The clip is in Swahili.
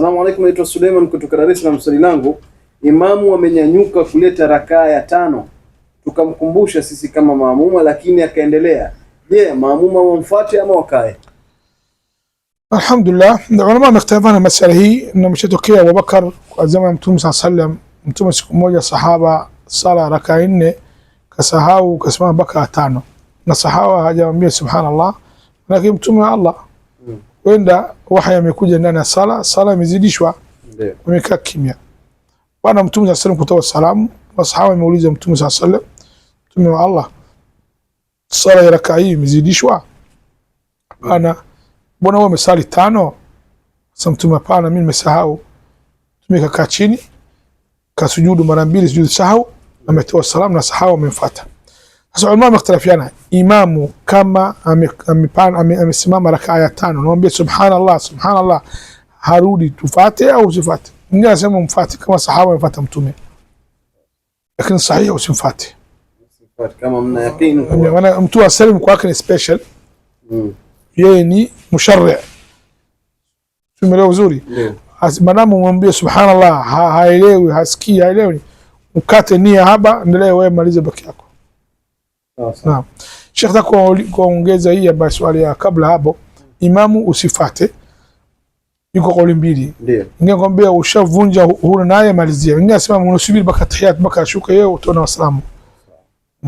Salamu alaikum, naitwa Suleiman kutoka Dar es Salaam. Swali langu, imamu amenyanyuka kuleta rakaa ya tano, tukamkumbusha sisi kama maamuma, lakini akaendelea. Je, maamuma wamfuate ama wakae? Alhamdulillah, ulama wamekhtalifiana masala hii na mshatokea Abubakar kwa zama ya Mtume saa sallam. Mtume siku moja sahaba sala rakaa nne kasahau, kasimama mpaka tano, na sahaba hajamwambia subhanallah, lakini mtume wa Allah hmm wenda wahaya amekuja ndani ya sala, sala imezidishwa, wamekaa kimya. Baada Mtume sallallahu alayhi wasallam kutoa salamu, masahaba wameuliza Mtume sallallahu alayhi wasallam, Mtume wa Allah, sala ya rakaa hii imezidishwa? Hapana. Mbona wewe umesali tano? Sa Mtume, hapana, mimi nimesahau. Mtume kakaa chini, kasujudu mara mbili, sujudu sahau, ametoa salamu na sahaba wamemfuata. Sasa ulama wamekhtalafiana, imamu kama amesimama rakaa ya tano, namwambia subhanallah, subhanallah, harudi tufate au usifate? Mwingine anasema mfate, kama sahaba amefata Mtume, lakini sahihi usimfate, Mtume asalim kwake ni special, hmm. yeye ni musharri. Tumeelewa vizuri? Maadamu mwambie subhanallah, haelewi hasikii, haelewi, ukate nia haba, endelee wewe, malize baki yako. Naam. Sheikh, nataka kuongeza hii ya swali ya kabla hapo, imamu usifate, yuko kauli mbili. Ndio kwambia ushavunja huna naye malizia, ndio asema mnasubiri mpaka tahiyat mpaka ashuke yeye, utaona wasalamu